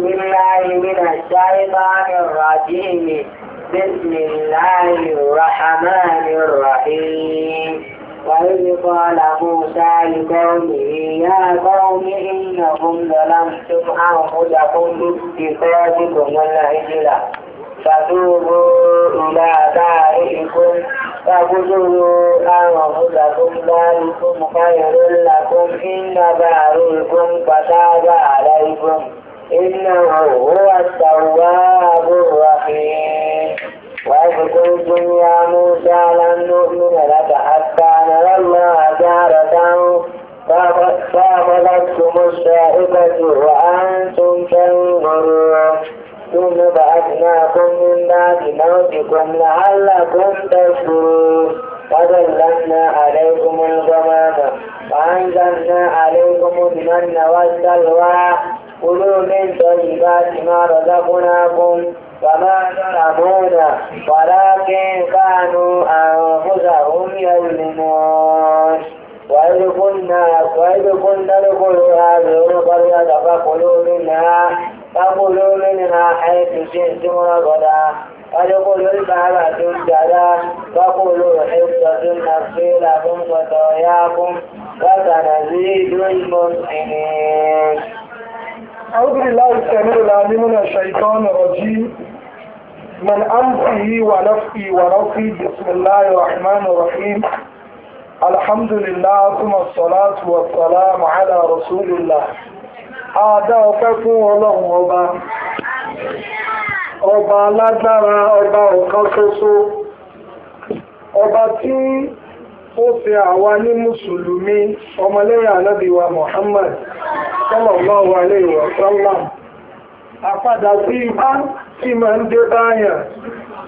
بالله من الشيطان الرجيم بسم الله الرحمن الرحيم وإذ قال موسى لقومه يا قوم إنكم ظلمتم أنفسكم باتخاذكم العجل فتوبوا إلى بارئكم فاقتلوا أنفسكم ذلكم خير لكم إن بارئكم فتاب عليكم إنه هو التواب الرحيم وإذ يا موسى لن نؤمن لك حتى نرى الله جارة فأخذتكم الصاعقة وأنتم تنظرون ثم بعثناكم من بعد موتكم لعلكم تشكرون وظللنا عليكم الغمام وأنزلنا عليكم المن والسلوى كلوا من طيبات ما رزقناكم وما يعلمون ولكن كانوا أنفسهم يظلمون وإذ كنا وإذ كنا ادخلوا هذه القرية فكلوا منها فكلوا منها حيث شئتم رغدا وادخلوا الباب سجدا فكلوا حصة نغفر لكم خطاياكم وسنزيد المحسنين أعوذ بالله السميع العليم من الشيطان الرجيم من أنفه ونفخه ونفخه بسم الله الرحمن الرحيم الحمد لله ثم الصلاة والسلام على رسول الله Àdá ọpẹ́ fún ọlọ́run أبا ọba alágbára, ọba أبا تي ó fi àwa ní mùsùlùmí ọmọlẹ́yìn anábìwa Muhammad sallallahu wa sallam àpadà sí ibá tí máa ń dé báyàn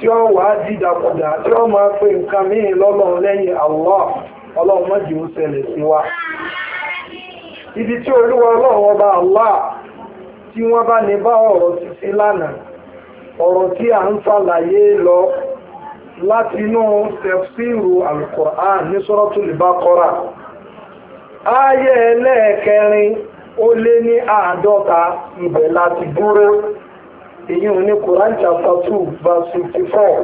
tí ó wà á dìdàkudà tí ó máa pe nǹkan míì lọ́lọ́run lẹ́yìn Allah ọlọ́run ó sí wa ibi tí olúwa ọba Allah tí wọ́n bá ní bá ọ̀rọ̀ títí lánàá ọ̀rọ̀ tí à lọ láti inú tẹ̀síìrù alukur'an ní suratul Baqara ayé ẹlẹ́ẹ̀kẹrin ó lé ní àádọ́ta ibẹ̀ láti dúró èyí ò ní Quran chapter two verse fifty four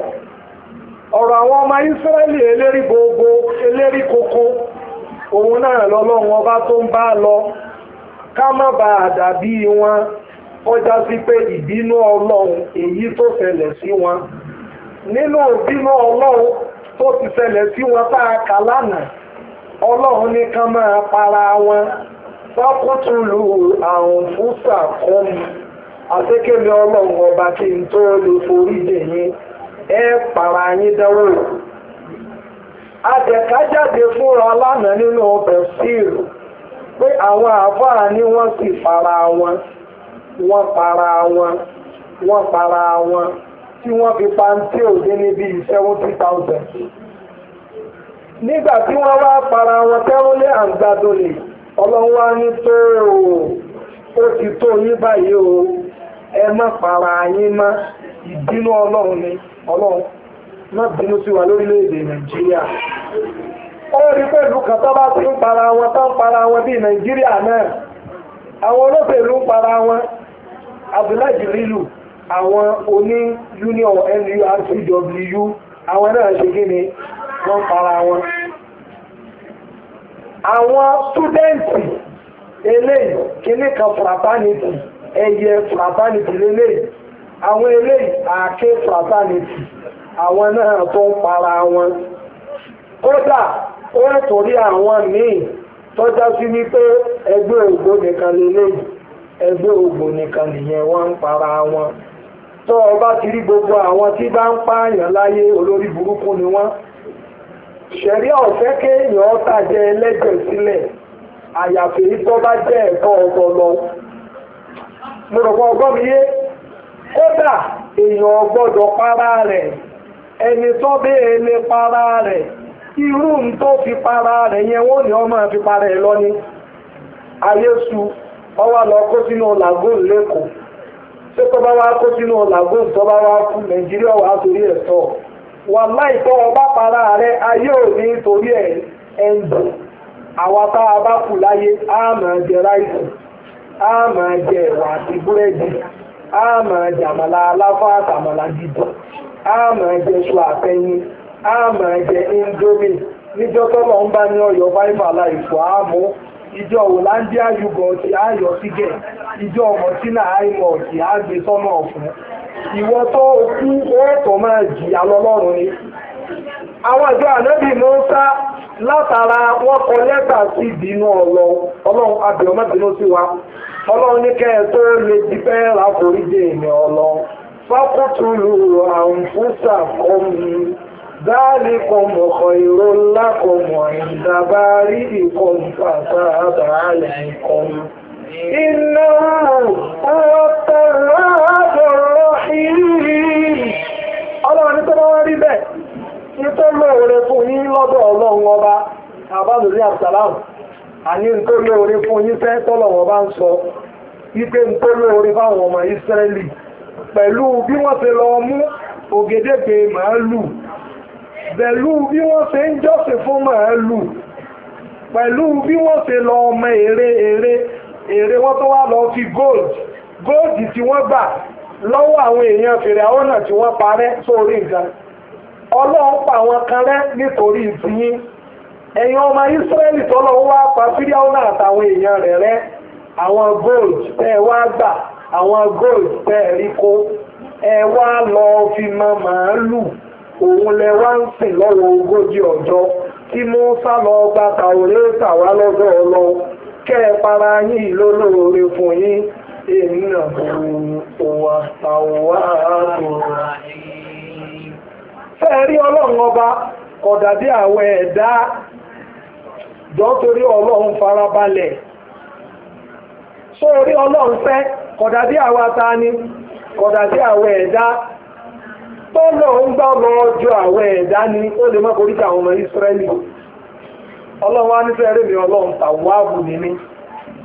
ọ̀rọ̀ àwọn ọmọ Ísírẹ́lì eléri gbogbo eléri koko òun náà lọ́lọ́run ọba tó ń bá lọ ká má bàa àdàbí wọn kọjá sí pé ìbínú ọlọ́run èyí tó fẹlẹ̀ sí wọn. nínú òbínú ọlọ́run tó ti sẹlẹ̀ sí wọn tá a kà lánàá ọlọ́run nìkan máa para wọn fọ́kútùlù àrùn fúsà kún mi àtẹ́kẹ́mi ọlọ́run ọba kí n tó lè forí dè yín ẹ para yín dánwò. adẹ̀kájáde fúnra lánàá nínú ọbẹ̀ síìlù pé àwọn àfáà ni wọ́n sì para wọn wọ́n para wọn wọ́n para wọn. tí wọ́n fi pàǹtí òde ní bíi seventy thousand. nígbà tí wọ́n wá para wọn tẹ́wọ́lé àǹgbàdolè ọlọ́run wá ní tó o ó ti tó yín báyìí o ẹ má para yín má ìbínú ọlọ́run ni ọlọ́run má bínú sí wa lórílẹ̀‐èdè nàìjíríà ó rí pẹ̀lú kan tó bá ti ń para wọn tó ń para wọn bíi nàìjíríà náà àwọn olóṣèlú ń para wọn abdullahi jirilu àwọn oní union nurtw àwọn náà ṣe kí ni wọ́n para wọn àwọn túdẹ́ǹtì eléyìí kíní kan fraternity ẹyẹ fraternity lélẹ́yìí àwọn eléyìí àáké fraternity àwọn náà tó ń para wọn kódà ó ń torí àwọn míì tọ́já sí wípé ẹgbẹ́ ògbó nìkan lélẹ́yìí ẹgbẹ́ ògbó nìkan nìyẹn wọ́n ń para wọn. tó ọba ti rí gbogbo àwọn tí bá ń pààyàn láyé olórí burúkú ni wọ́n ṣẹ̀rí ọ̀fẹ́ kéèyàn ọ̀tà jẹ́ ẹlẹ́jẹ̀ sílẹ̀ àyàfi tó bá jẹ́ ẹ̀kọ́ ọ̀tọ̀ mo ọgbọ́n para rẹ̀ ẹni tó béèrè para rẹ̀ irú ń fi para rẹ̀ yẹn wọ́n ní fi para lọ ọwọ́ lọ kó sínú làgùn lẹ́kọ̀ọ́ ṣé tó bá wá kó sínú làgùn tó bá wá kú nàìjíríà wà torí ẹ̀ sọ wà láì tọ́ ọba para rẹ ayé ò ní torí ẹ̀ ẹ̀ ń dùn àwa tá a bá kù láyé á máa jẹ ráìsì á máa jẹ ẹ̀wà àti búrẹ́dì á máa jẹ àmàlà aláfà àtàmàlà dídùn á máa jẹ ṣu àtẹyìn á máa jẹ indomie níjọ́ tọ́lọ̀ ń bá ní ọ̀yọ́ fáìfà láìpọ̀ á mú ìjọ Hollandia yugọ ti ayọ̀ sígẹ̀ ìjọ àìmọ̀ ti àgbè sọ́nà ọ̀fún ìwọ tó kú ọ̀tọ̀ máa jìyà lọ́lọ́run ni. àwọn ìjọ ànábì Mùsá látara wọn kọ lẹ́tà sí ìbínú ọ̀lọ́ ọlọ́run abẹ̀rẹ̀ mọ́bìnú sí wa ọlọ́run ní kẹ́ tó lè di pẹ́ ráforíjì ذلكم خير لكم وعند باردكم فتاب عليكم إنه هو التواب الرحيم ọlọ́run ní tọ́lọ́ rí bẹ́ẹ̀ ní tọ́lọ́ rẹ̀ fún yín lọ́dọ̀ ọlọ́run ọba àbádùrí àbsàlámù wọn pẹ̀lú bí wọ́n ti lọ mú màálù pẹ̀lú bí wọ́n se ń jọ́sìn fún màálù pẹ̀lú bí wọ́n ṣe lọ ọmọ èrè èrè èrè wọ́n tó wá fi gold gold tí wọ́n gbà lọ́wọ́ àwọn èèyàn fèrè àwọn náà tí wọ́n parẹ́ sórí nǹkan ọlọ́run pa àwọn kan rẹ́ nítorí ọmọ wá pa àtàwọn èèyàn rẹ̀ rẹ́ gold tẹ́ ẹ wá gbà gold tẹ́ ẹ rí kó ẹ wá lọ fi òun lẹ wá ń sìn lọ́wọ́ ogójì ọjọ́ tí Mùsá lọ gba tàwórẹ́tà wá lọ́dọ̀ lọ kẹ́ ẹ para yín lólóore fún yín èmi náà òwà tàwá àtòrà fẹ́ rí ọlọ́run ọba kọ̀dàbí àwọn ẹ̀dá jọ torí ọlọ́run farabalẹ̀ sórí ọlọ́run fẹ́ kọ̀dàbí àwa ta ni kọ̀dàbí àwọn ẹ̀dá tọ́lọ̀ ń gbà lọ ọjọ́ àwọn ẹ̀dá ni ó lè má borí àwọn ọmọ Ísírẹ́lì ọlọ́run wá ní mi ọlọ́run ni mí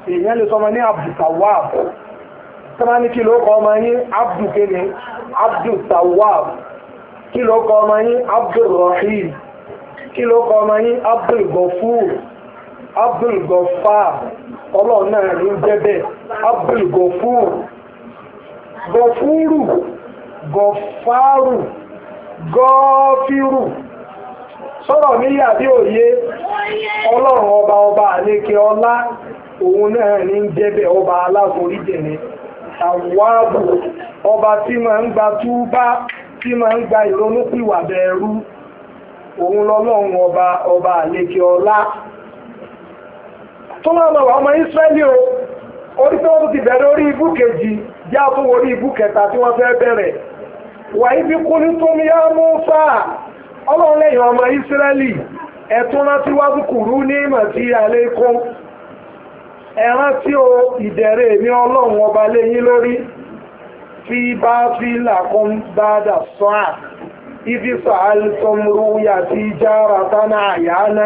èèyàn lè sọmọ ní abdul tọ́lá ní kí ló ọmọ yín abdul kéde abdul tàwáàbù ọmọ yín abdul rahim kí ọmọ yín abdul gọfàrù gọfìrù sọ́rọ̀ níyà bí òye ọlọ́run ọba ọba àlékè ọlá òun náà ní ń jẹ́bẹ̀ ọba aláforíjì ni àwọ̀bù ọba tí máa ń gba túbá tí máa ń gba òun lọ́lọ́run ọba ọba ọlá tó ọmọ o orí tí ti bẹ̀rẹ̀ orí ibú kejì já tó orí ibú kẹta wàyí bí kúlí tó ń yá Mùsá ọlọ́run lẹ́yìn ọmọ Ísírẹ́lì ẹ̀tún rántí wá kúrú ní ìmọ̀tí àlékún ẹ̀rán tí ó ìdẹ̀rẹ̀ ní ọlọ́run ọba léyìn lórí fi bá fi làkún bá dà sọ́à ibi sàálì tó ń rú yàtí jára tánà àyáná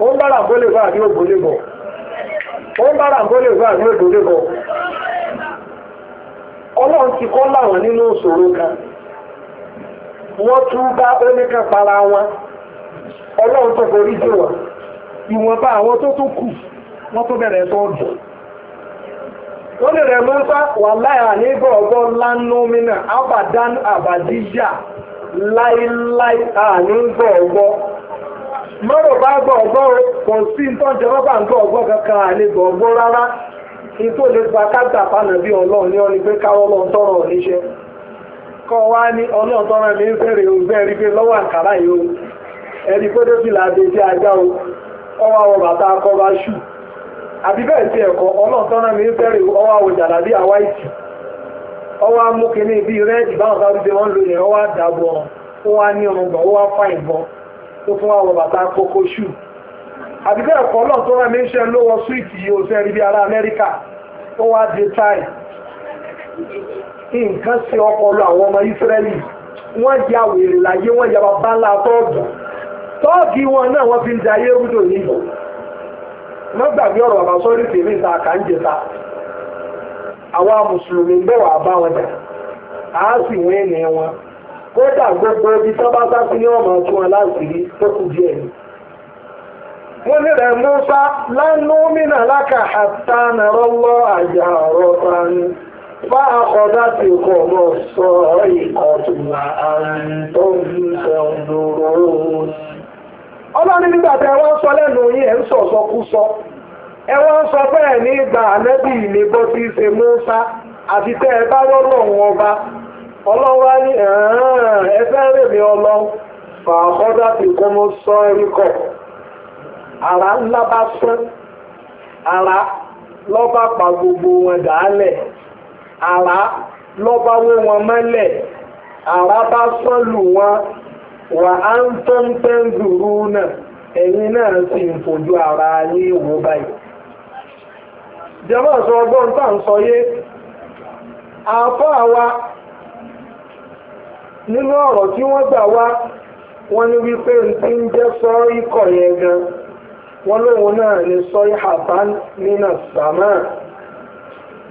ó bára bólè bá àbí òbólè bọ̀ ó bára bọ̀ ọlọ́run ti kọ́ láwọn nínú ìṣòro kan wọ́n tún bá oníkan para wọn ọlọ́run tó forí jì wọ́n ìwọ̀nba àwọn tó tún kù wọ́n tó bẹ̀rẹ̀ tó dùn ó lè rẹ̀ wà láyà ní gbọ̀ọ̀gbọ́ ńlá abadan abadija láíláí àní mọ́rọ̀ bá gbọ́ ọgbọ́ kò sí tó ń kankan àlejò ọgbọ́ rárá ní tó lè gba kágbà fánà bí ọlọ́run ní ọ́ni pé káwọ́ lọ tọrọ níṣẹ́ kọ́ wá ní ọlọ́run tọrọ fẹ́rẹ̀ o rí pé lọ́wọ́ yìí o ẹni pé o ọwọ́ àwọn bàtà akọ́ bá ṣù àbí bẹ́ẹ̀ ẹ̀kọ́ ọlọ́run tọrọ tó fún àwọn bàtà kókó ṣù àdìgbẹ́ ẹ̀kọ́ náà tó rẹ̀ mẹ́ṣẹ́ ló wọ súwìtì yìí ó fẹ́ rí bí ará amẹ́ríkà ó wá di táì nǹkan sí ọpọlọ àwọn ọmọ ìsírẹ́lì wọ́n ya wèrè láyé wọ́n ya bàbá ńlá tọ́ọ̀gì tọ́ọ̀gì wọn náà wọ́n fi ń da ayé rúdò yìí wọ́n gbàgbé ọ̀rọ̀ bàbá sọ́rí tèmi ta àwa mùsùlùmí wà bá wọn jà á sì wọ́n kódà gbogbo ibi sábà si ní ọmọ tún aláṣìírí tó kù díẹ̀ ni. wọ́n ní rẹ̀ Musa lánàmínà láka àtànàrọ́ lọ àjà ọ̀rọ̀ tani bá akọ̀dá ti kọ̀ mọ́ sọ ìkọ̀tùmá àǹtó ń sẹ́wọ̀n lóró. nígbà tí sọ lẹ́nu ẹ̀ ń ẹ sọ bẹ́ẹ̀ ṣe àti tẹ́ ẹ ọba ọlọ́wà ní ẹ̀fẹ́ rẹ̀ mi ọlọ́ fàákọ́dá ti kún mú sọ ẹríkọ̀ ara ńlá bá sán ara lọ́ba pa gbogbo wọn dàálẹ̀ ara lọ́ba wó wọn mọ́lẹ̀ ara bá sán lù wọn wà á ń tẹ́ńtẹ́ ń dùrú náà ẹ̀yin náà sì ń fojú ara yín wò báyìí. jẹ́mọ̀ sọ ọgbọ́n tá à ń sọ yé àfọ́ àwa. nínú ọ̀rọ̀ tí wọ́n gbà wá wọ́n ní wípé n tí ń jẹ́ sọ ikọ̀ yẹn gan wọ́n lóun náà ní nínà sàmà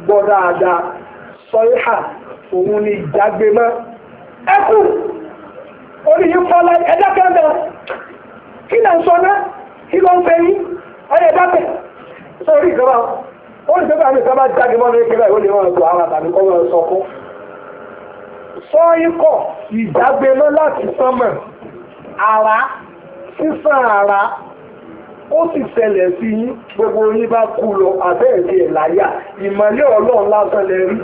gbọ́ dáadáa òun ni ìjágbe mọ́ ẹkù orí yìí fọ́lá kẹ́ńdà kí sọ náà kí ló ń fẹ́ yín ọ̀rẹ́ ìjọba ni wọ́n ń àwọn àtàlùkọ́ wọn sọ sọ́yìnkọ̀ ìdágbéná láti sánmọ̀ ara sísan ara ó sì ṣẹlẹ̀ sí gbogbo yín bá kú lọ àbẹ́ẹ̀dẹ́ ẹ̀ ìmọ̀lẹ́ ọlọ́run lásán lẹ rí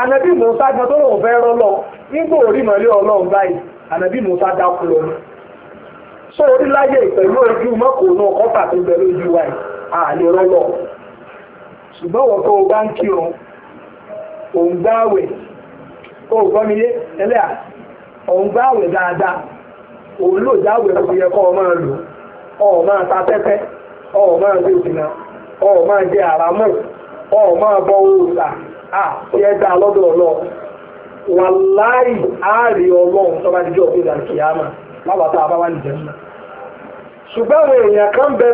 ànábì Mùsá gan tó lòun fẹ́ rán nígbà orí ìmọ̀lẹ́ ọlọ́run báyìí dákú lọ sọ orí ìpẹ̀lú ojú mọ́kò náà kọ́tà tó ojú wa yìí àlè ṣùgbọ́n wọ́n o bá ń kírun ògbọ́miyé ẹlẹ́à òun gbá àwẹ̀ dáadáa òun lò jáwẹ̀ òun yẹ kọ́ maa lò ọ máa ta tẹ́tẹ́ ọ máa gbé ìsìnà ọ máa jẹ àràmọ̀ ọ máa bọ òòṣà à yẹ dá lọ́dọ̀ ọlọ́ wà láì ààrẹ ọlọ́run tó bá lábàtà àbáwá nìjẹ́ ṣùgbọ́n àwọn èèyàn kan bẹ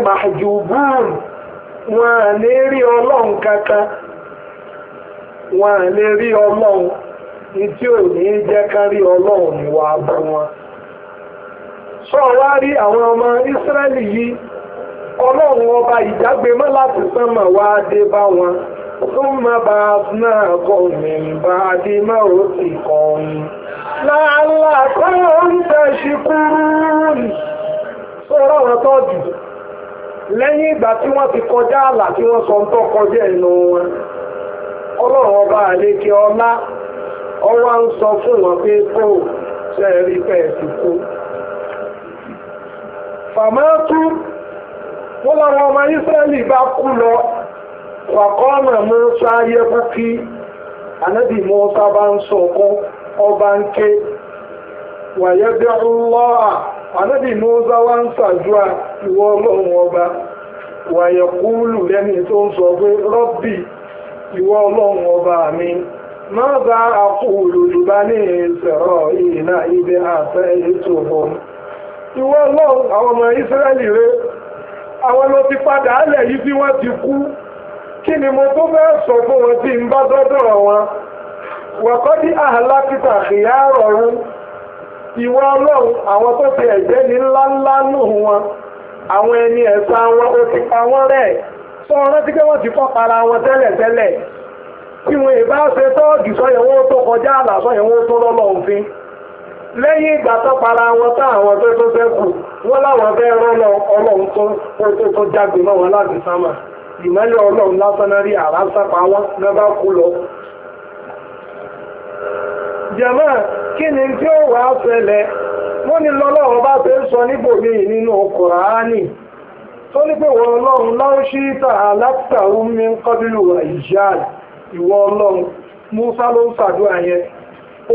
ìtí ò ní jẹ́ kárí ọlọ́run níwà bú wọn sọ rí àwọn ọmọ Ísírẹ́lì yìí ọlọ́run ọba ìjágbe mọ́ láti sánmà wá dé bá wọn fún mọ́ba náà kọ́ mẹ́mbà dé máa ti kọ́ ọ́n láàlá táwọn ń tẹ̀sí kúrú nì sọ̀rọ̀ àwọn tọ́jú lẹ́yìn ìgbà tí wọ́n ti kọjá àlà tí wọ́n sọ ń tọ́ kọjá ìnú wọn ọlọ́run ọba àlekè ọlá ọ ń sọ fún wọn pé kó sẹ́ẹ̀rí pẹ́ẹ̀sì kú fàmátú wọ́n lára ọmọ Ísírẹ́lì bá kú lọ wàkọ́ọ̀nà Mùsá yẹ́kú kí anábì Mùsá ń ọba ń ké anábì ń ọlọ́run ọba wàyẹ̀kúlù lẹ́ni tó ń sọ pé rọ́bì ọlọ́run ọba mi ماذا أقول لبني إسرائيل إذ أتيتهم ìwọ àwọn ti padà yìí tí wọ́n ti kú kí ni mo tó fẹ́ sọ fún wọn tí ń bá dọ́dọ̀ wọn wọ̀kọ́dí àhàlákìtà ìyá rọrùn ìwọ ọlọ́run àwọn tó ti ẹ̀jẹ̀ ní ńláńlá nù wọn àwọn ẹni ẹ̀sán wọn ó ti pa wọ́n rẹ̀ sọ tí ìbá ṣe tọ́ọ̀gì tó kọjá àlà sọ́yẹ̀wọ́ tó lọ́lọ́ òfin lẹ́yìn ìgbà tó para wọn tá àwọn tó tó sẹ́kù wọ́n láwọn fẹ́ ọlọ́run tó tó tó jágbe náà wọn láti sámà ìmọ́lẹ̀ ọlọ́run lásán wọn kú lọ. jẹ̀mọ́ kí ni tí ó ṣẹlẹ̀ sọ níbòmí nínú tó ní pé wọ́n ọlọ́run ń ìwọ ọlọ́run Musa ló ń ṣàdúrà yẹn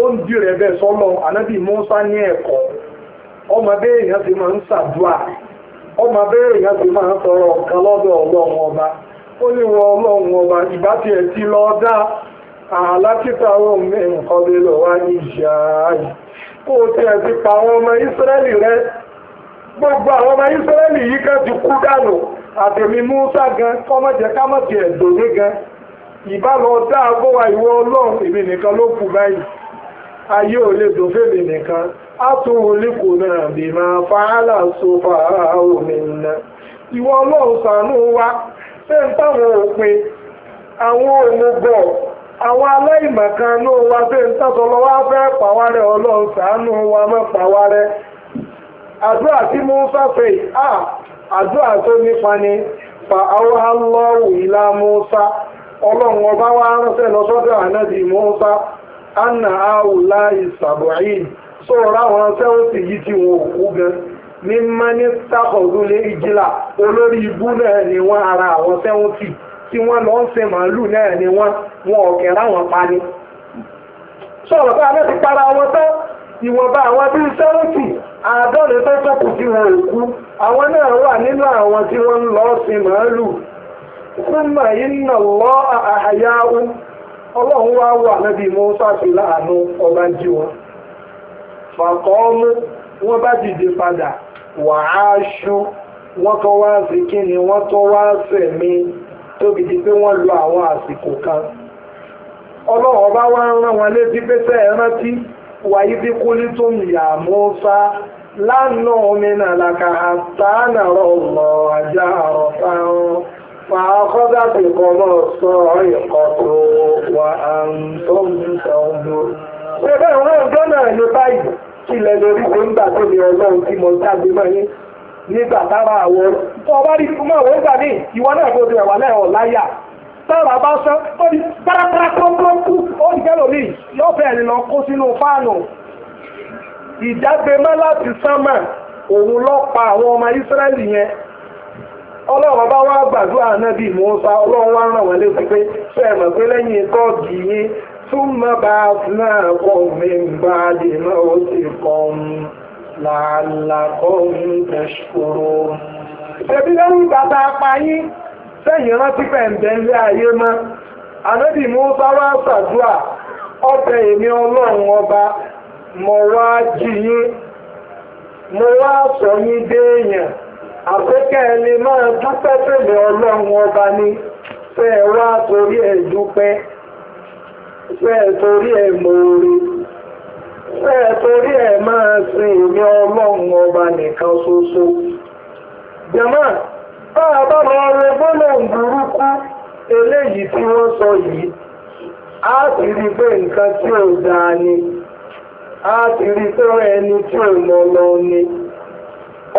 ó ń bẹ bẹ́ẹ̀ sọ́lọ́ ànábì Musa ní ẹ̀kọ́ ọmọ èèyàn ti máa ń ṣàdúrà ọmọ èèyàn ti máa ń sọ̀rọ̀ ọ̀kan lọ́dọ̀ ọlọ́run ọba ó ní wọ ọba ìbá tiẹ̀ ti lọ dá àlákítà wọn nǹkan lọ wá ní kó o tiẹ̀ gbogbo àwọn ọmọ yìí ti kú dànù Musa gan kámọ̀tì gan ìbálò ọ̀tá àbọ̀wà ìwọ ọlọ́run èmi nìkan ló kù báyìí ayé ò lè dùn nìkan á tún náà bí máa fa hálà sófà omi ìwọ ọlọ́run ṣàánú wa ṣé ń táwọn òpin àwọn àwọn aláìmọ̀kan ló wa ṣé ń tàtọ̀ lọ́wọ́ fẹ́ pàwárẹ̀ ọlọ́run wa mọ́ pàwárẹ̀ àdúrà tí mo ń ọlọ́run ọba wá ránṣẹ́ lọ sọ́dọ̀ anna tí wọn gan ní ọ̀dúnlé ìjìlá olórí ibú náà ni ara àwọn tí lọ ń ṣe màálù náà ni wọ́n wọn ọ̀kẹ́ ráwọn pa ni. para wọn tán ìwọ̀nba àwọn bíi àádọ́rin tó tí àwọn náà wà nínú súnmọ̀ na lọ àyáwó ọlọ́run wá wà níbi mọ́sá sí láàánú ọba jí wọn fàkọ́ọ́mú wọ́n bá dìde padà wà á wọ́n tó wá sí wọ́n tó tóbi pé wọ́n lo àwọn kan ọba فأخذت القمص عيقة وأنتم تنظرون Ẹgbẹ́ ìwọ̀n ọjọ́ náà ní báyìí kí lẹ lórí ṣe ń gbà tó ní ọlọ́run tí mo jáde mọ́ yín nígbà tára àwọ̀ tó bá rí fún àwọn ìgbà ní ìwọ náà tó ti wà lẹ́họ̀ láyà tára bá sọ ó di párápárá kúrúkúrú ó di kẹ́lò ní yóò bẹ̀rẹ̀ lọ kó sínú fáànù ìjágbe mọ́ láti sánmà òun lọ pa àwọn ọmọ Ísírẹ́lì yẹn ọlọ́run bá wá gbàdúrà ànábì Mùsá ọlọ́run wá ràn wọ́n létí pé ṣe mọ̀ pé lẹ́yìn tọ́ọ̀gì yín túmọ̀ bá a ti náà kọ́ mi gbà dé náà ó sì kọ́ mi làálàkọ́ mi tẹ̀síkòrò. ìṣèbí lẹ́yìn bàbá apáyín sẹ́yìn rántí pẹ̀ǹdẹ̀ ńlẹ́ ayé mọ́ ànábì Mùsá wá ṣàdúrà ọbẹ̀ èmi ọlọ́run ọba mọ̀ wá jí yín mo wá sọ yín déèyàn àpékẹ́ ẹni máa dúpẹ́ tèmi ọlọ́run ọba ní fẹ́ ẹ wá torí ẹ dúpẹ́ fẹ́ ẹ torí ẹ mòore fẹ́ ẹ torí ẹ máa sin èmi ọlọ́run ọba nìkan ṣoṣo. jàmáà bá a bá lọ rẹ gbólóhùn burúkú eléyìí tí wọ́n sọ yìí a ti rí pé nǹkan tí ò dáa ni a ti rí pé ẹni tí ò lọ lọ ni.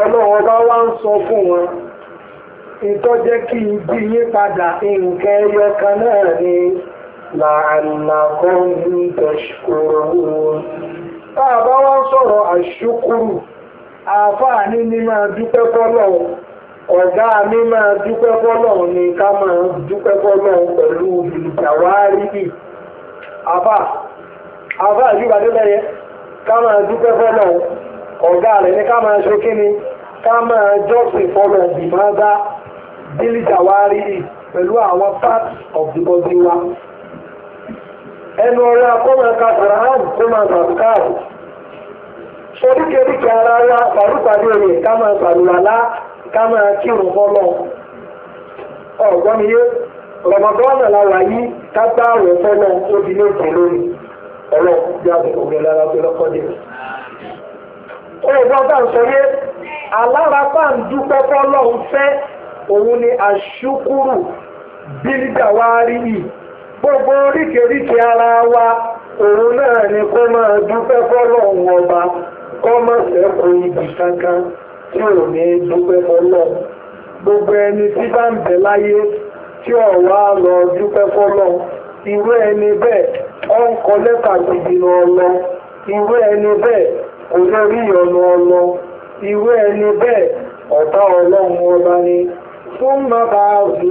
ọlọ́run ọba wá ń sọ fún wọn ìtọ́jẹ́ kí ibi yí padà nǹkan ẹyọ náà ni làálàkọ́ ní wọn. tá a bá wá sọ̀rọ̀ àṣùkúrù àáfàá ní ní máa dúpẹ́ fọ́lọ́ ọ̀gá mi máa dúpẹ́ ni ká máa dúpẹ́ pẹ̀lú ìjàwárí àáfàá àáfàá ká máa dúpẹ́ ọ̀gá rẹ̀ ní ká máa ṣe kíni ká máa jọ́sìn fọlọ̀ ìmọ̀ọ́dá bílíjà wá rí pẹ̀lú àwọn part of the body wa ẹnu ọ̀rẹ́ akọ́mọ̀ọ́ká sàrán kó máa sàkáàrù oríkèríkè ara wa pàrúpàdé rẹ̀ ká máa pàrúwàlá ká máa kírun fọlọ́ ọ̀gbọ́niyé rọmọdọ́nà lára yìí ká gbá àwẹ̀ fọlọ́ ó di méje lórí ọlọ́ọ̀kú bí àgbẹ̀ ògbẹ̀ lára tó lọ́kọ́ dé ẹ̀gbọ́n bá ń sọ yé alárapá ń dúpẹ́ fọ́lọ́hún fẹ́ òun ni àṣùkúrù bílídà wá rí yìí gbogbo oríkèéríkèé ara wa òun náà ni kó máa dúpẹ́ fọ́lọ́hún ọba kọ́ máa sẹ́kọ̀ọ́ ibì kankan tí ò ní dúpẹ́ fọ́lọ́hún gbogbo ẹni tí bá ń bẹ láyé tí ọ̀wá lọ dúpẹ́ fọ́lọ́hún irú ẹni bẹ́ẹ̀ ọ̀ ń kọ lẹ́tà gbìgbìnà ọlọ irú ẹni bẹ́ẹ̀ kò lè rí ọ̀nà ọlọ ìwé ẹni bẹ́ẹ̀ ọ̀tá ọlọ́run ọba ni fún bàbá mi ti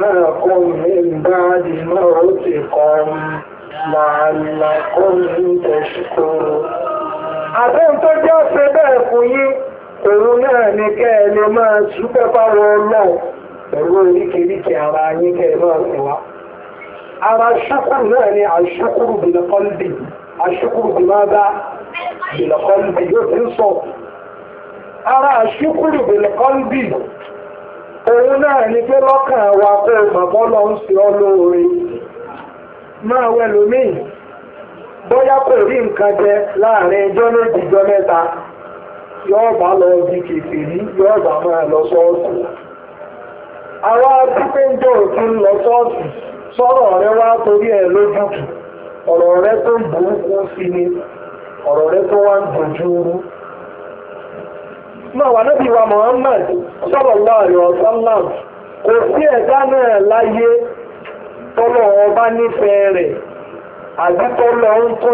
kọ́ kọ́ mi tó jẹ́ ṣe bẹ́ẹ̀ fún yín náà ni kẹ́ ẹ lè máa pẹ̀lú ara yín kẹ́ ẹ máa wá. àṣùkùrù bìmáàdá bìlọ̀kọ́lùbì yóò ti ń sọ ara àṣùkùrù bìlọ̀kọ́lùbì òun náà ni pé lọ́kàn wa kó màbọ́ lọ ń ṣe ọ́ lóore máa wẹ lómìn bóyá kò rí nǹkan jẹ láàrin ẹjọ́ jọ mẹ́ta yóò bá bá lọ ọ̀rọ̀ rẹ tó ń burúkú sí ni ọ̀rọ̀ rẹ tó wá ń dojú wà níbi wa Muhammad sallallahu alaihi wasallam kò sí ẹ̀dá náà ọba nífẹ̀ẹ́ rẹ̀ àti tọ́lọ̀ ń tó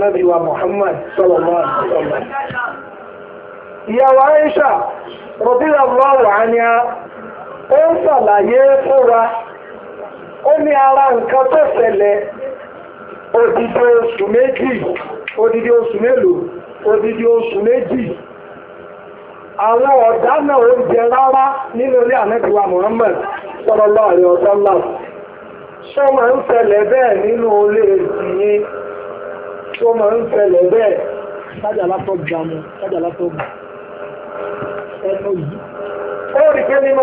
dàbí wa Muhammad sallallahu alaihi wasallam. Aisha, Rọ̀bíyàwó àwọn àníyá, ó ń ṣàlàyé fún ó ní ara nǹkan tó ṣẹlẹ̀ odidi oṣù méjì odidi oṣù mélòó odidi oṣù méjì àwọn ọ̀dá náà ó jẹ rárá nínú ilé ànẹ́bíwá Muhammad sallallahu alaihi wasallam ṣó máa ń ṣẹlẹ̀ bẹ́ẹ̀ nínú ilé ìsìn ṣó ń ṣẹlẹ̀ bẹ́ẹ̀ sájà látọ̀ jamu sájà látọ̀ bù ẹnu yìí ó rí pé nínú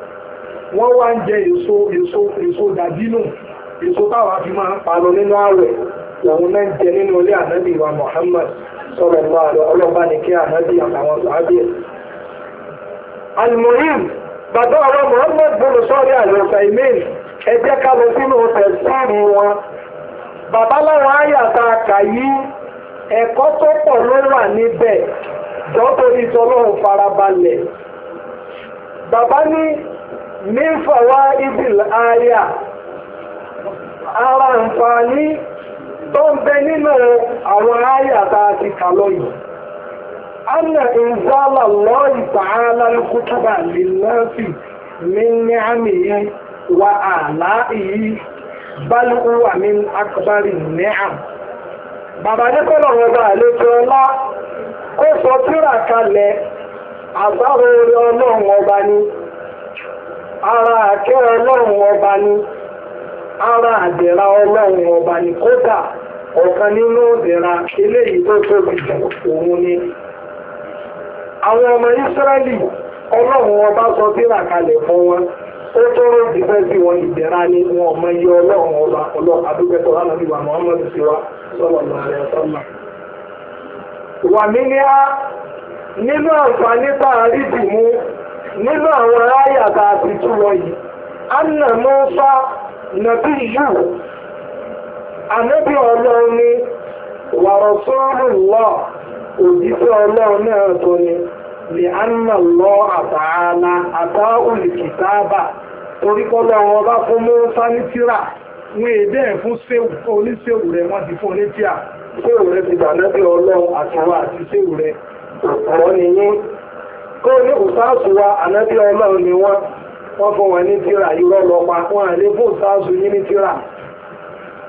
wọ́n wá ń jẹ èso èso èso dàbínù èso táwa fi máa palọ nínú ààwẹ̀ làwọn náà ń jẹ nínú ilé ànábì wa Muhammad sọ̀rọ̀ lọ ọlọ́ba ní kí ànábì àtàwọn sàábì ẹ̀. almuhim bàbá ọ̀rọ̀ Muhammad bọ́lù sọ́ọ̀rì àlọ́fà imen ẹ jẹ́ ká lọ sínú tẹ̀síìrì wọn. bàbá láwọn min fawaidil aya ara àǹfààní tó ń nínú àwọn aya tá ti kà lọ́yìn anna inzala Allahi ta'ala al-kutuba wa ala'ihi bal huwa min akbari ni'am bàbá ní ọba àlejò kó sọ kalẹ̀ ara àkẹ́ ọlọ́run ọba ni ara àdẹ̀ra ọlọ́run ọba ni kódà ọ̀kan nínú eléyìí tó tóbi jù òun ni. àwọn ọmọ ìsírẹ́lì ọlọ́run ọba sọ bíra kalẹ̀ fún wọn ó tó rò sí wọn ìdẹ̀ra ni wọn ọmọ iye ọlọ́run ọba ọlọ́run adúgbẹ́tọ̀ sí wa nínú àwọn aráyà tá a fi anna musa nàbí yù ànábì ọlọ́run ní wàrọ̀sọ́ọ̀lù lọ òjíṣẹ́ ni lè anna lọ àtàlà àtàwùlì kìtàbà torí wọn bá fún musa ní tírà wọn èdè ẹ̀ fún oníṣèwù rẹ̀ ti fún ti kó ní òsáàsù wa ànábí ọlọ́run ni wọ́n wọ́n fún wọn ní tíra irọ́ lọ pa wọn àlè fún òsáàsù yín ní tíra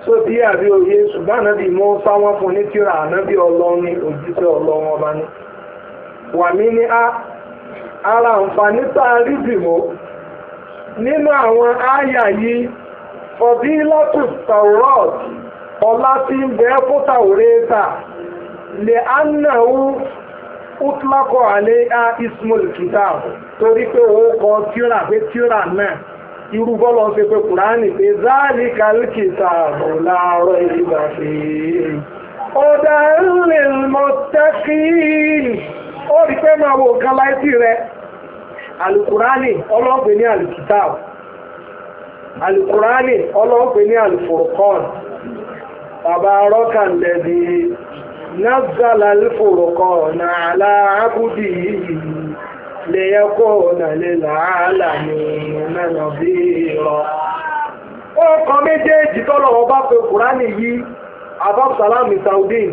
so bí àbí òye ṣùgbọ́n ànábì mú sáwọn fún ní tíra ànábí ọlọ́run ní òjíṣẹ́ ọlọ́run ọba ní. wà mí ní a ara àǹfààní tá a rí bìmọ́ nínú àwọn àyà yìí fọdílọ́tù tàwọ́ọ̀tì ọlá tí ń bẹ́ẹ́ fún tàwọ́rẹ́ta lè utlakọ̀ alẹ́ a ismul kitab torí pé ó kọ tíra pé tíra náà irú bọ́lọ̀ ṣe pé kùránì pé zalikal kitab la rayba fihi ọ̀dà lil muttaqin ó rí pé máa wo nǹkan láìsí rẹ alukurani ọlọ́ọ̀pẹ ní alukitab alukurani ọlọ́ọ̀pẹ ní alufurqan bàbá rọ́kàn نزل الفرقان على عبده ليكون للعالمين نظيرا ọkọ̀ méjèèjì tọ́lọ̀wọ́ bá pe kùránì yìí abáfsàlámì saudin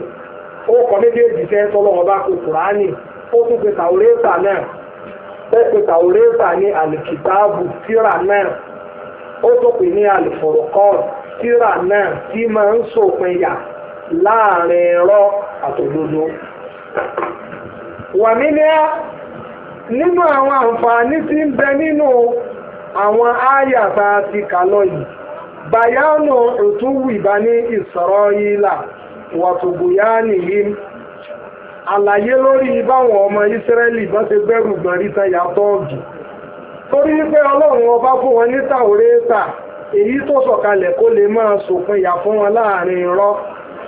ọkọ̀ méjèèjì tẹ́ tọ́lọ̀wọ́ bá pe kùránì ó tún pe tàwórẹ́sà náà ó pe tàwórẹ́sà ní alìkìtàbù tíra náà ó tún pè ní alìfọ̀rọ̀kọ́ tíra náà tí máa ń ṣòpin yà láàrin rọ́ọ̀ àtòdodo. wà nínú ẹ nínú àwọn àǹfààní tí ń bẹ nínú àwọn àyà tá a ti kà lọ yìí bayanu òtúwì bani Israila wàtògbòyánìyí àlàyé lórí báwọn ọmọ Ísírẹ́lì bá ṣe gbẹ́rù gbọ̀nrí tan yàtọ̀ ọ̀gì torí pé ọlọ́run ọba fún wọn ní tà, èyí tó sọ̀kalẹ̀ kó lè máa ṣòpin yà fún wọn láàrin rọ́.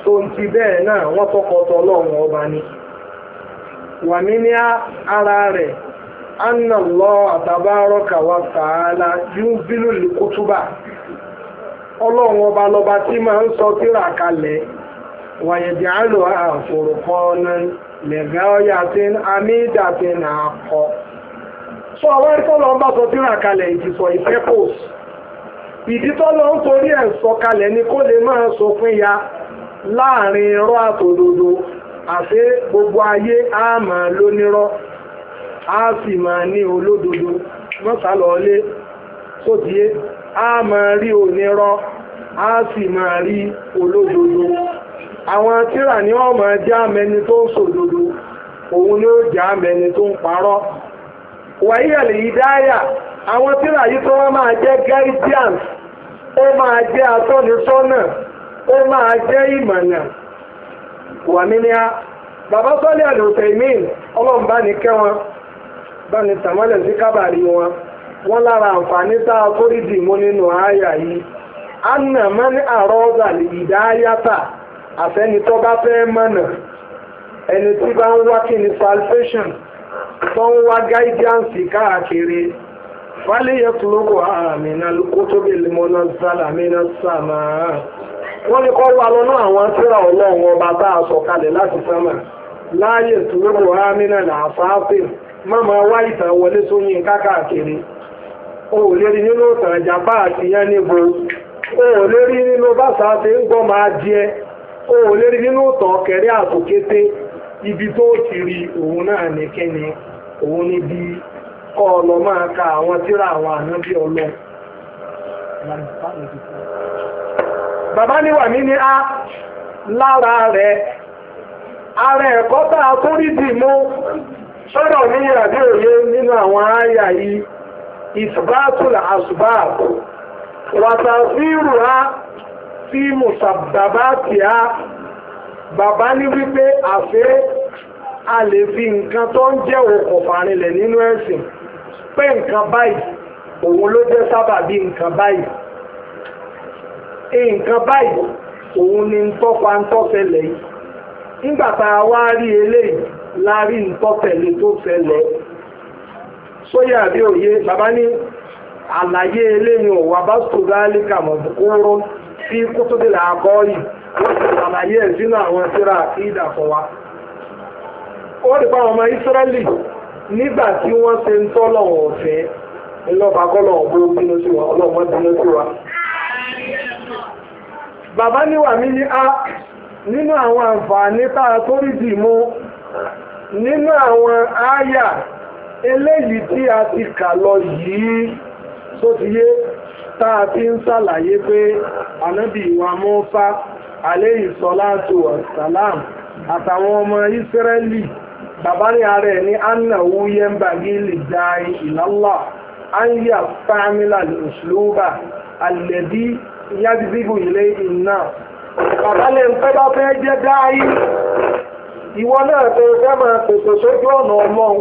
tó ń ti bẹ́ẹ̀ náà wọ́n tọkọtọ ọlọ́run ọba ni wà mí ní ara rẹ̀ anna lọ àtàbárọ̀kà wa tààlà yúbílù lìkútúbà ọlọ́run ọba lọba tí máa ń sọ tírà kalẹ̀ wàyẹ̀dì àlò àfòrùkọ́nà lẹ̀gáọ́yà tí amídà tí nà kọ́ sọ àwọn ìtọ́lọ ọba sọ tírà kalẹ̀ ìdìsọ ìfẹ́ pòs ìdítọ́lọ ń torí ẹ̀ sọ kalẹ̀ ni kó lè máa sọ fún ya láàrin irọ́ àtòdodo àṣé gbogbo ayé á máa lónírọ́ á sì máa ní olódodo mọ́sálọ́ọ́lé sódìé á máa rí onírọ́ á sì máa rí olódodo àwọn tíra ni wọ́n máa já mẹni tó ń sòdodo òun ni ó já mẹni tó ń parọ́ wàyí ẹ̀lẹ́ àwọn tíra yìí tó wọ́n máa jẹ́ guidance ó máa jẹ́ atọ́nisọ́nà. ó máa jẹ́ ìmọ̀nà wà nínú a bàbá sọ́lé àlùfẹ́ ìmíì ọlọ́run ní kẹ́ wọn bá ní tàmọ́lẹ̀ sí kábàárì wọn lára àǹfààní nínú yìí anna man àrọ́ọ̀dà ìdáyàtà àfẹ́ni tó bá fẹ́ mọ̀nà ẹni tí bá ń wá kí ni salvation tó ń wá guidance káàkiri fálẹ́yẹ̀ tó lóko àmì náà kó tóbi lè wọ́n ní kọ́ wa lọ́nà àwọn tíra ọlọ́run ọba bá a sọ kalẹ̀ láti sánmà láàyè tùrúbù amínà làfáàfẹ́ máma wá wọlé o ò lérí nínú ìtàn àti yẹn o lè rí nínú bàṣà àti ńgbọ́ máa jẹ o ò lérí nínú ìtàn ibi tó ti rí òun náà ní òun níbi ka àwọn àwọn ọlọ́run. bàbá ní ní a lára rẹ̀ ara ẹ̀kọ́ tá a tún rí dì mú sọ́dọ̀ ní àbí òye nínú àwọn àyà yìí ìsìbátùlà àṣùbáàbù wàtàfíìrù ha tí mùsàbàbá tì á bàbá ní wípé àfẹ́ a lè fi nǹkan tó ń jẹ́ òkùnfà nínú ẹ̀sìn pé nǹkan báyìí òun ló jẹ́ sábàbí nǹkan báyìí nǹkan báyìí òun ni ntọ́pa ntọ́sẹ̀lẹ̀ yìí nígbà tá ele lari eléyìí la rí tó ṣẹlẹ̀ sóyè àbí òye bàbá ní àlàyé eléyìí ọ̀wà bá sọ̀rọ̀ àlíkà sí ti àlàyé ẹ̀ àwọn síra àti ìdàfọ́ wa. ó rí pa ọmọ ìsírẹ́lì nígbà tí wọ́n ṣe ń tọ́lọ̀ ọ̀fẹ́ kọ́lọ̀ ọ̀gbọ́n bínú sí wa ọlọ́mọ bàbá níwà mí ní a ah, nínú àwọn àǹfààní tá a tó rí dìmú nínú àwọn àyà eléyìí tí a ti kà lọ yìí tó ti yé tá a ti ń ṣàlàyé pé ànábì ìwà mọ́fà àléyìí sọláàtò ọ̀sálàm àtàwọn ọmọ ìsírẹ́lì bàbá ní ara ní anna wúyẹ́ ń bàgí lè dá ìlàlá an fámílà lè ṣlúbà àlẹ́bí ìyá bíbíbù ilé ìná bàbá lè ń fẹ́ bá fẹ́ jẹ́ dáyé ìwọ náà tó fẹ́ máa pèsè sójú ọ̀nà ọlọ́run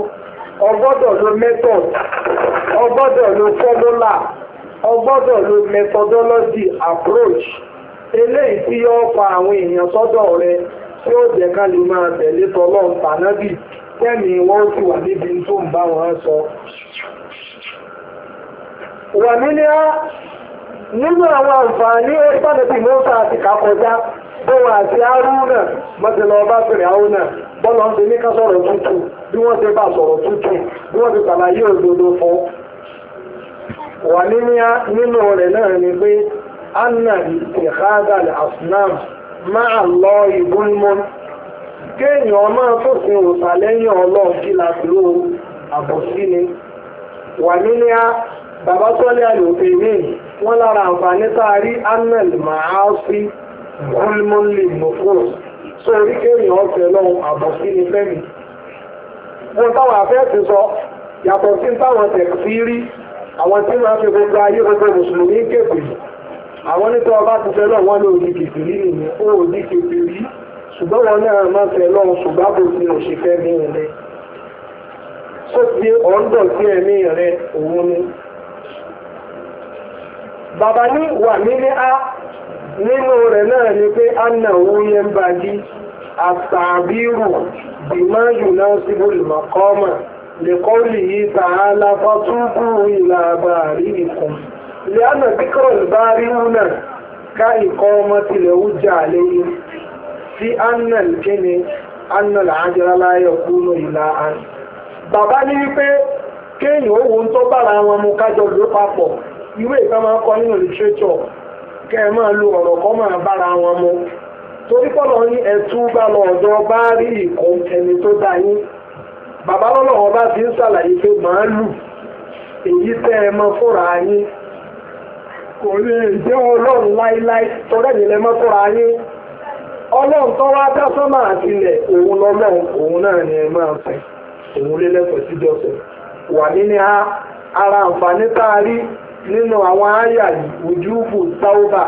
ọgbọ́dọ̀ lo method ọgbọ́dọ̀ lo formula ọgbọ́dọ̀ lo methodology approach eléyìí tí yóò fa àwọn èèyàn sọ́dọ̀ rẹ tí ó jẹ́ ká lè máa tẹ̀lé tọlọ́run tànábì kẹ́mi wọ́n ti wà níbi tó ń bá wọn sọ. wà nílẹ̀ á nínú àwọn àǹfààní ẹ̀sánẹ́bì mọ́sá àti kàkọjá bóun àti arúnà mọ́tìlá ọba pèrè arúnà bọ́lá ń ṣe ní ká sọ̀rọ̀ tútù bí wọ́n ṣe bá sọ̀rọ̀ tútù bí wọ́n ti ṣàlàyé òdodo fún. wà nínú rẹ̀ náà ni pé anna ìkádà asnam máa lọ ìbúnmọ́ bàbá sọ́lé àlòfin míì wọ́n lára àǹfààní táàrí anel maasi olmonley nufus tó orí kéèyàn ọ̀fẹ́ lọ́hùn àbọ̀sí ni fẹ́mi wọ́n táwọn afẹ́ẹ̀sì sọ yàtọ̀ sí táwọn tẹ̀sí rí àwọn tí wọ́n fi gbogbo ayé gbogbo mùsùlùmí kéèkì àwọn nítorí ọba ti fẹ́ lọ́wọ́ ló di kìkìrí nìyẹn ó di kìkìrí ṣùgbọ́n wọn náà máa fẹ́ lọ́wọ́ ṣùgbọ́n bó ti bàbá ní wà nílé á nínú rẹ̀ náà ni pé anna wúyẹ́ ń bá jí àtàbírù bímá yùnà síbúlì màkọ́mà lẹ́kọ́lì yìí tààlà fọ́túbù ìlàbà rí ìkùn lẹ́nà bíkọ́ ìbáríwú náà ká ìkọ́ ọmọ tilẹ̀ ó jà lẹ́yìn sí anna kíni anna làájára láyọ̀ kúrò ìlà an bàbá ní wípé kéèyàn ó ń tọ́ bára wọn mú kájọ ló papọ̀ ìwé ìta máa kọ nínú lítírẹ́tọ̀ kẹ́ ẹ máa lo ọ̀rọ̀ kọ́ máa bára wọn mu torí pọ́lọ̀ ní ẹ̀tú bá lọ ọ̀dọ́ bá rí ìkọ́ ẹni tó dá yín bàbá lọ́lọ́wọ́ bá ti ń ṣàlàyé pé èyí tẹ́ ẹ mọ fúnra yín kò lè jẹ́ ọlọ́run láíláí fúnra yín ọlọ́run tó wá dá sọ́mà àtìlẹ̀ òun òun náà ni ẹ máa fẹ́ ara àǹfààní tá a nínú àwọn àyà ojúbù táwọ́bà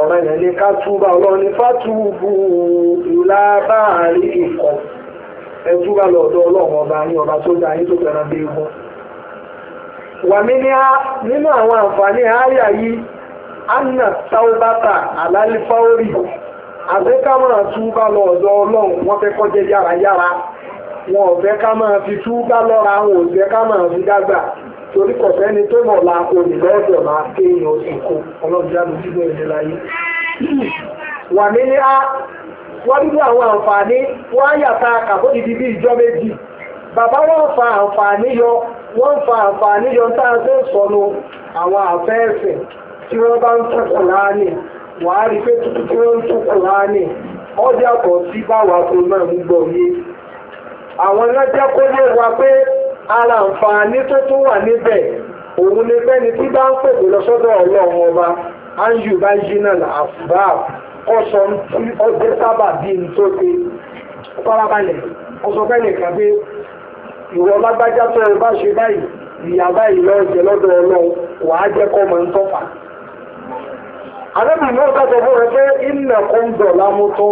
ọ̀rọ̀ yẹn ni ká túbà ọlọ́run ní fàtúbù ìlàbáàrí ìkọ̀ ẹ túbà lọ́dọ̀ ọlọ́run ọba yín ọba tó dá yín tó fẹ́ràn bí egun. ní nínú àwọn àǹfààní àyà yìí anna àlálífáórì túbà lọ́dọ̀ ọlọ́run wọ́n fẹ́ kọ́jẹ́ wọn ò fẹ́ ká fi túbà lọ́ra wọn ò fẹ́ ká fi dágbà. torí kọ̀fẹ́ ni tó mọ̀ la olùlọ́ọ̀dọ̀ máa ké yan ìkó ọlọ́dúnrún jíjọ ìdí láyé. wà ní ní a wọ́n dúdú àwọn àǹfààní wọ́n á yàtà kàbóyì bíbí ìjọ méjì bàbá wọn fa àǹfààní yọ wọ́n fa àǹfààní yọ tá a ṣe ń sọnù àwọn àfẹ́ẹ̀fẹ̀ tí wọ́n bá ń tọkọ̀ láàánì wàá rí pé tuntun tí wọ́n ń tọkọ̀ láàánì ọjà kọ̀ sí báwa tó náà ń gbọ̀ yé àwọn ẹlẹ́jẹ́ kó lè wá pé ara àǹfààní tó tún wà níbẹ̀ òun ni pẹ́ni tí bá ń pèpè lọ sọ́dọ̀ ọlọ́run ọba anju bá ń jiná àfúbá ọ̀sọ̀ ọdẹ sábà bí n tó ṣe farabalẹ̀ ọ̀sọ̀ pẹ́ni kan pé ìwọ lágbájá tó o bá ṣe báyìí ìyá báyìí lọ́ọ́ jẹ lọ́dọ̀ ọlọ́run wàá jẹ́ kọ́ mọ̀ ń tọ́fà. àdébìnrin náà dájọ́ fún wọn pé ìnàkùn dọ̀lámú tó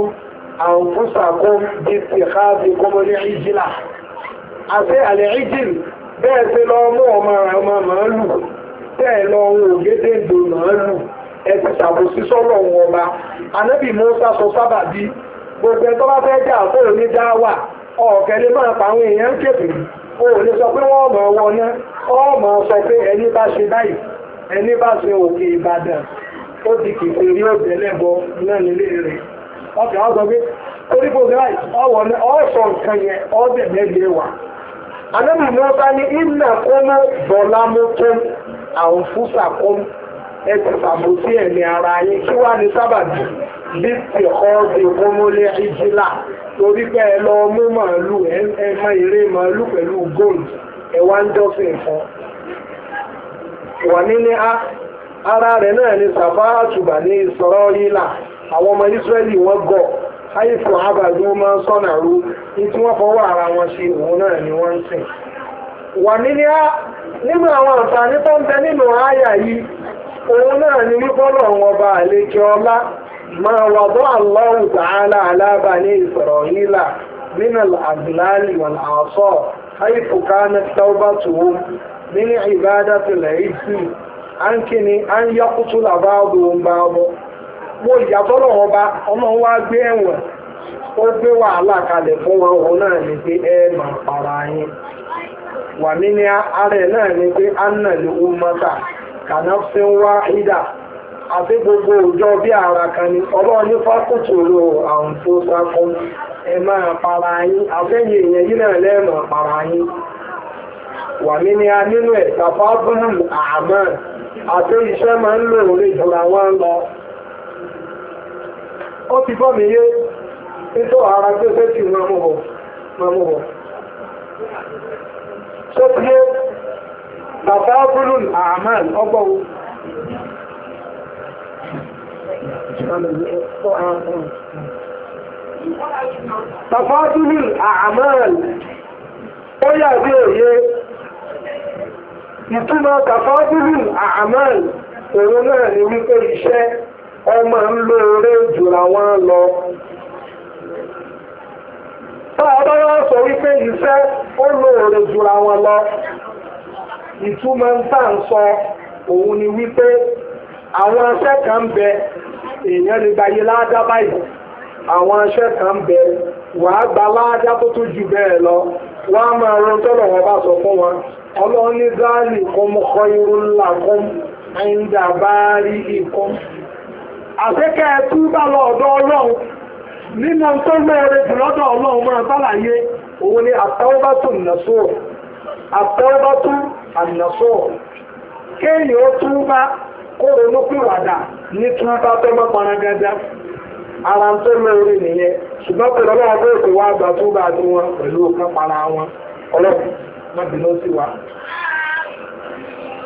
àǹfùsàkùn bíi tìkáàbì kọ́mọ́lé ìjìlá àti àlẹ́ríjìn bẹ́ẹ̀ ṣe lọ mú ọmọ rẹ̀ ọmọ màálù tẹ́ẹ̀ lọ ohun ògédé ìdò màálù ẹ ti ṣàbòsí sọ́lọ̀ wọn ọba anábì Mùsá sọ sábà bí gbogbo ẹ̀tọ́ bá fẹ́ jà fóònù ní dáwà ọ̀kẹ́ lè máa pa àwọn èèyàn kébì o lè sọ pé wọ́n mọ̀ wọn ná ọmọ sọ pé ẹni bá ṣe báyìí ẹni bá ṣe òkè Ìbàdàn ó di kìfèrí ó bẹ̀lẹ̀ bọ náà nílé rẹ̀ ọkẹ́ wọn sọ pé orígbò láì ọwọ́ ọ̀ṣọ́ nǹkan yẹn ọ̀dẹ̀ mẹ́rin wà. Ànábì Mọ́sá ní ìnà kọ́mọ́ bọ̀lá mọ́tò àwọn fúsà kọ́mọ́ ẹ ti sàbòsí ẹ̀mí ara yín kí wàá ní sábàbí bí ti ọ̀ọ́dẹ kọ́mọ́lé ìjìlá torí pé ẹ lọ mú màálù ẹ mọ eré màálù pẹ̀lú gold ẹ ń jọ́sìn fún. Wà níní ara rẹ̀ náà ní sàfáàtùbà ní ìsọ̀rọ̀ yìí là àwọn ọmọ Ísírẹ́lì wọ́n gọ̀. àìfò àbàdì wọn máa ń sọ́nà rú ní tí wọ́n fọwọ́ ara wọn náà ni wọ́n ń sìn. wà nínú á nínú àwọn àǹfààní tó ń nínú àyà yìí òun náà ni wípọ́lọ̀ wọn bá àlejò ọlá máa wà bọ́ ta'ala ala bani Israila min al-aghlali haifu kanat tawbatuhum min ibadati al an kini an mo ìyàtọ́lọ̀ ọba ọmọ wa gbé ẹ̀wọ̀n o gbé wàhálà kalẹ̀ fún wọn náà ni pé ẹ para yín wà ní ara náà ni pé mọ́ta kàná fi ń wá ìdá àti gbogbo òjọ bí ara kan ni ọlọ́run fákòtòrò àwọn tó sá ẹ para anyị. àfẹ́yìn èèyàn yìí náà para wà ní a nínú ẹ̀ àmọ́ àti iṣẹ́ máa ń lò lè wọn lọ ó ti bọ́ mi yé nítọ́ ara gbé fẹ́ ti máa mú bọ̀ máa mú bọ̀. ṣé ti yé bàbá búlùn àmàn ọgbọ́ wo. Bàbá búlùn àmàn ó yà bí òye ìtumọ̀ kàfáàbùlù àmàn òun náà ni wípé iṣẹ́ ọmọ ń lo eré jùlọ wọn lọ. tá a bá wá sọ wípé iṣẹ́ ó lo èrè jùlọ wọn lọ ìtumọ̀ ń tà ń sọ òun ni wípé àwọn aṣẹ́ kan bẹ èèyàn lè gbayé ládá báyìí àwọn aṣẹ́ kan bẹ wàá gba ládá tó tún jù bẹ́ẹ̀ lọ wàá máa ran tọ́lọ̀ wọn bá sọ fún wọn ọlọ́run ní gáàlì kọ́mọkọ́ irú ńlá kọ́m ẹ̀ńdà bá rí àṣẹ́kẹ́ ẹtú bá lọ ọ̀dọ̀ ọlọ́run nínú tó mẹ́rin jù lọ́dọ̀ ọlọ́run máa bálàyé òun ni àtẹ́wọ́bátò nàṣọ́ àtẹ́wọ́bátò ànàṣọ́ kéèyàn ó túbá kó ronú pìwàdà ní tó mọ́ ara tó mẹ́rin nìyẹn ṣùgbọ́n pẹ̀lú ọlọ́run tó ètò gbà wọn pẹ̀lú ọkàn para wọn ọlọ́run má bínú sí wa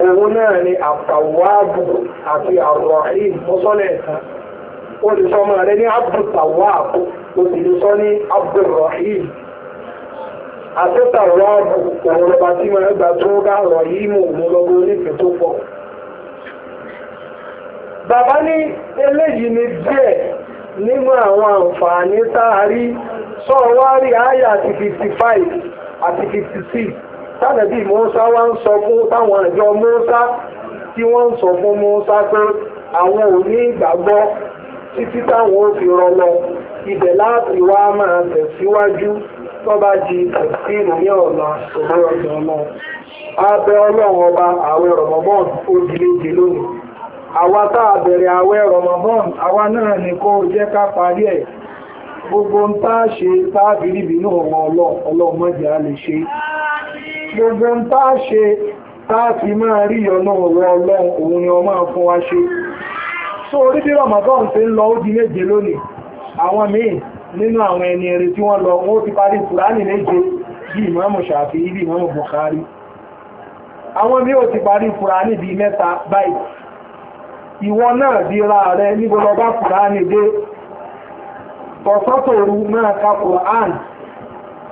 òun náà ni àtàwáàbù àti àrọ̀hìn mọ́sọ́lẹ̀ ẹ̀ka ó lè sọ ọmọ rẹ ní abdultawaabu ó sì lè sọ ní abdulrahim àtẹ́tàwáàbù òun lọ́ba tí wọ́n gbà tó bá rọ̀hìn òun lọ́gbọ́n onífẹ̀ẹ́ tó pọ̀ bàbá ní eléyìí ni díẹ̀ nínú àwọn àǹfààní sọ̀rọ̀ àyà àti tánàbí mọ́sá wá ń sọ fún táwọn ẹ̀jọ́ mọ́sá tí wọ́n ń sọ fún mọ́sá pé àwọn ò ní ìgbàgbọ́ títí táwọn ó fi rọlọ ibẹ̀ láti wá máa tẹ̀síwájú tó bá di tẹ̀síìrù ní ọ̀la ṣùgbọ́n ọ̀dọ̀ náà abẹ́ ọlọ́run ọba àwẹ̀ rọ̀mọ́bọ́n ó lónìí àwa tá a bẹ̀rẹ̀ àwẹ̀ rọ̀mọ́bọ́n àwa náà ni kó jẹ́ ká parí ẹ̀ gbogbo ń tá a ṣe tá a fi náà wọn ọlọ́run mọ́jà lè ṣe gbogbo ń tá a ṣe tá a fi máa rí ìyọnà ọ̀rọ̀ ọlọ́run òun ni ọmọ fún wa ṣe so orí bí ramadan ṣe ń lọ ó di méje lónìí àwọn míì nínú àwọn ẹni eré tí wọ́n lọ wọ́n ti parí kùránì méje bí ìmáàmù ṣàfi bí ìmáàmù Bukhari àwọn míì ò ti parí kùránì bíi mẹ́ta báyìí ìwọ náà bí ra rẹ níbo lọ bá kùránì dé tọ̀sọ́tòru máa ka kùránì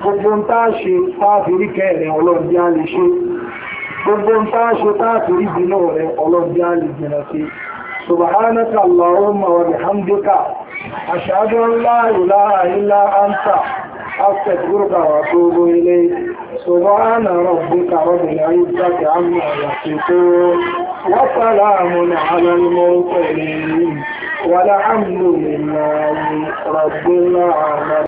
gbogbo ń tá ṣe táàfìrí kẹrẹ ọlọ́bí á lè ṣe gbogbo ń tá ṣe táàfìrí bínú rẹ ọlọ́bí á lè jìnà sí subhanaka allahumma wa bihamdika ashhadu an la ilaha illa anta astaghfiruka wa atubu ilayk subhana rabbika rabbil izzati amma yasifun wa salamun ala al mursalin wa alhamdulillahi rabbil alamin